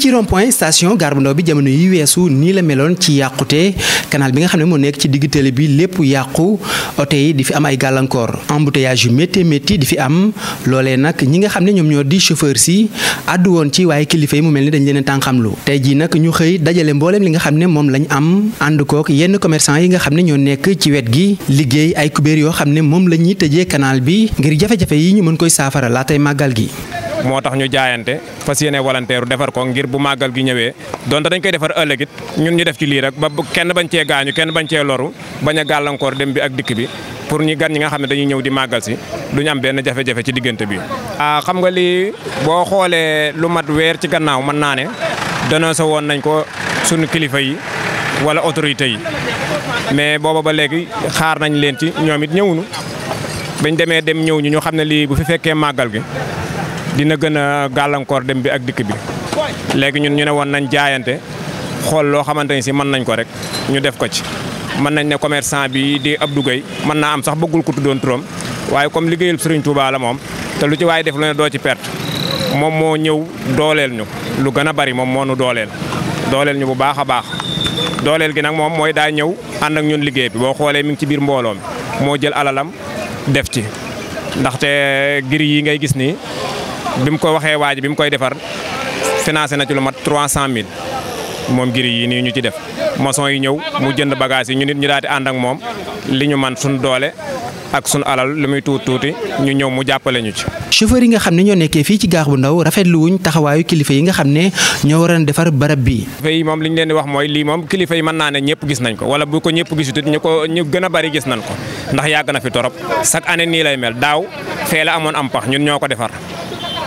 ci rond point station bi jamono yi weesu nii la meloon ci yàqute kanaal bi nga xam ne moo nekk ci digg-télé bi lépp yàqu oto yi di fi am ay gàllankoor embouteillage yu métti métti di fi am loole nag ñi nga xam ne ñoom ñoo di chauffeur si àddu woon ci waaye kilifa yi mu mel ni dañ leen a tànqamlu tey jii nag ñu xëy dajale mbooleem li nga xam ne moom lañ am ànd kook yenn commerçant yi nga xam ne ñoo nekk ci wet gi liggéey ay kubéer yoo xam ne moom la ñuy tëjee canal bi ngir jafe-jafe ñu mën koy saafara laatay màggal gi moo tax ñu jaayante fas yéene volontaire defar ko ngir bu màggal gi ñëwee donte dañ koy defar ëllëg ñun ñu def ci lii rek ba bu kenn bañ cee gaañu kenn bañ cee loru bañ a gàllankoor dem bi ak dikk bi pour ñi gan ñi nga xam ne dañuy ñëw di màggal si lu duñu am benn jafe-jafe ci diggante bi. ah xam nga lii boo xoolee lu mat weer ci gannaaw mën naa ne dana woon nañ ko sunu kilifa yi wala autorité yi mais booba ba léegi xaar nañ leen ci ñoom it ñëwunu bañ demee dem ñëw ñu ñu xam ne lii bu fi fekkee màggal gi dina gën a gàllankoor dem bi ak dikk bi léegi ñun ñu ne woon nañ jaayante xool loo xamante ni si mën nañ ko rek ñu def ko ci mën nañ ne commerçant bi di Abdou Gueye mën naa am sax bëggul ku tuddoon turam waaye comme liggéeyal Serigne Touba la moom te lu ci waaye def lu ne doo ci perte moom moo ñëw dooleel ñu lu gën a bari moom moo nu dooleel dooleel ñu bu baax a baax dooleel gi nag moom mooy daa ñëw ànd ak ñun liggéey bi boo xoolee mi ngi ci biir mbooloom moo jël alalam def ci ndaxte giri yi ngay gis nii bi mu ko waxee waa bi mu koy defar financé na ci lu mat cent 300000 moom giri yi nii ñu ci def moson yi ñëw mu jënd bagage yi ñu nit ñu daal di ànd ak moom li ñu man suñ doole ak suñ alal lu muy tuuti tuuti ñu ñëw mu jàppale ñu ci. chauffeur yi nga xam ne ñoo nekkee fii ci gaar bu ndaw rafetlu wuñ yi nga xam ne ñoo waroon defar barab bii kilifa moom li ñu leen di wax mooy lii moom kilifa yi mën naa ne ñëpp gis nañ ko wala bu ko ñëpp gisutut ñu ko ñu gën a bari gis nañ ko ndax yàgg na fi torop chaque année nii lay mel daaw fee la amoon am ñun ñoo ko defar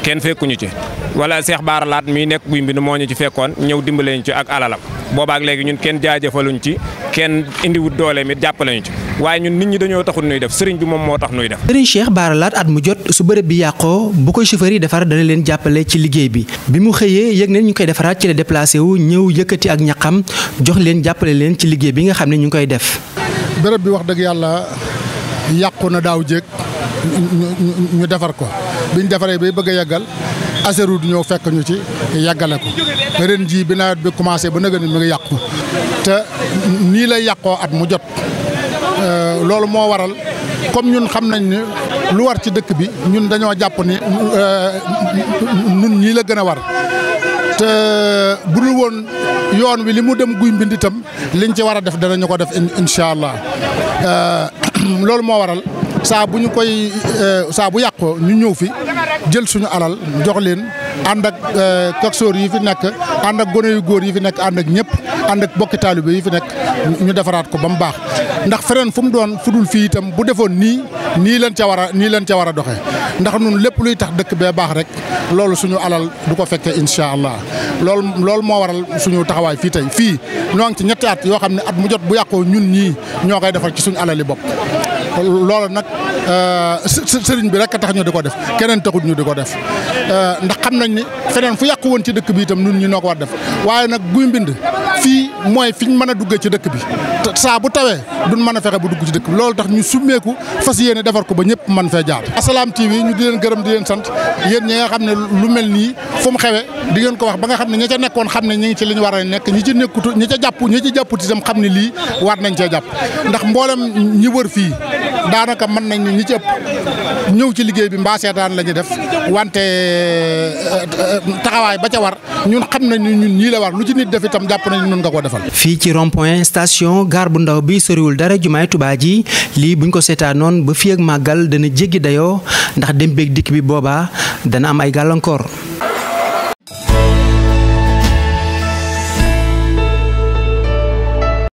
kenn fekkuñu ci wala seex Bara Laat mii nekk guy mbind moo ñu ci fekkoon ñëw dimbale ñu ci ak alalam boobaak léegi ñun kenn jaajëfaluñ ci kenn indiwut doole mi jàppale ñu ci waaye ñun nit ñi dañoo taxul nuy def sëriñ bi moom moo tax nuy def. sëriñ Cheikh Bara Laat at mu jot su bërëb bi yàqoo bu ko chauffeur yi defar dana leen jàppale ci liggéey bi bi mu xëyee yëg nañ ñu koy defaraat ci la déplacé wu ñëw yëkkati ak ñaqam jox leen jàppale leen ci liggéey bi nga xam ne ñu ngi koy def. bërëb bi wax dëgg yàlla yàqu na daaw jéeg ñu defar ko biñ defaree bay bëgg a yàggal Ageroute ñëw fekk ñu ci yàggale ko ren jii bi nawet bi commencé ba nëgën mu ngi yàqu te nii lay yàqoo at mu jot euh, loolu moo waral comme ñun xam nañ ne lu war ci dëkk bi ñun dañoo jàpp ni ñun euh, ñii la gën a war te bu dul woon yoon wi li mu dem guy mbind itam liñ ci war a def danañu ko def incha allah euh, loolu moo waral. saa bu ñu koy euh, saa bu yàqoo ñu ñëw fi jël suñu alal jox leen ànd ak coxeur yi fi nekk ànd ak gone yu góor yi fi nekk ànd ak ñëpp ànd ak bokki taalibe yi fi nekk ñu defaraat ko ba mu baax ndax feneen fu mu doon fudul fii itam bu defoon nii nii leen ca war a nii leen ca war a doxee ndax nun lépp luy tax dëkk bee baax rek loolu suñu alal du ko fekkee incha allah loolu moo waral suñu taxawaay fii tey fii ñoo ngi ci ñetti at yoo xam ne at mu jot bu yàqoo ñun ñii ñoo koy defar ci suñu alali bopp loolu nag euh, sëriñ bi rek a tax ñu di ko def keneen ñu di ko def euh, ndax xam nañ ni feneen fu yàqu woon ci dëkk bi itam ñun ñu noo ko war def waaye nag guy mbind fii mooy fi ñu mën a duggee ci dëkk bi saa bu tawee duñ mën a fexe bu dugg ci dëkk bi loolu tax ñu summeeku fas yéene defar ko ba ñëpp mën fee jaar. Assalaamy TV ñu di leen gërëm di leen sant yéen ñi nga xam ne lu mel nii fu mu xewee di ngeen ko wax ba nga xam ne ñi ca nekkoon xam ne ñi ngi ci li war a nekk ñi ci nekkutu ñi ca jàpp ñi ci jàpput itam xam ne lii war nañ cee jàpp ndax mboolem ñi wër fii daanaka mën nañ ñi ci ëpp ñëw ci liggéey bi mbaa seetaan la ñuy def wante euh, taxawaay ba ca war ñun xam nañ ñun ñii la war lu ci nit def itam jàpp nañ ñun nga ko defal. fii ci rond point station gare bu ndaw bi soriwul dara jumaay Tuubaa ji lii buñ ko seetaanoon ba fii ak màggal dana jéggi dayoo ndax dem beeg dikk bi boobaa dana am ay gàllankoor.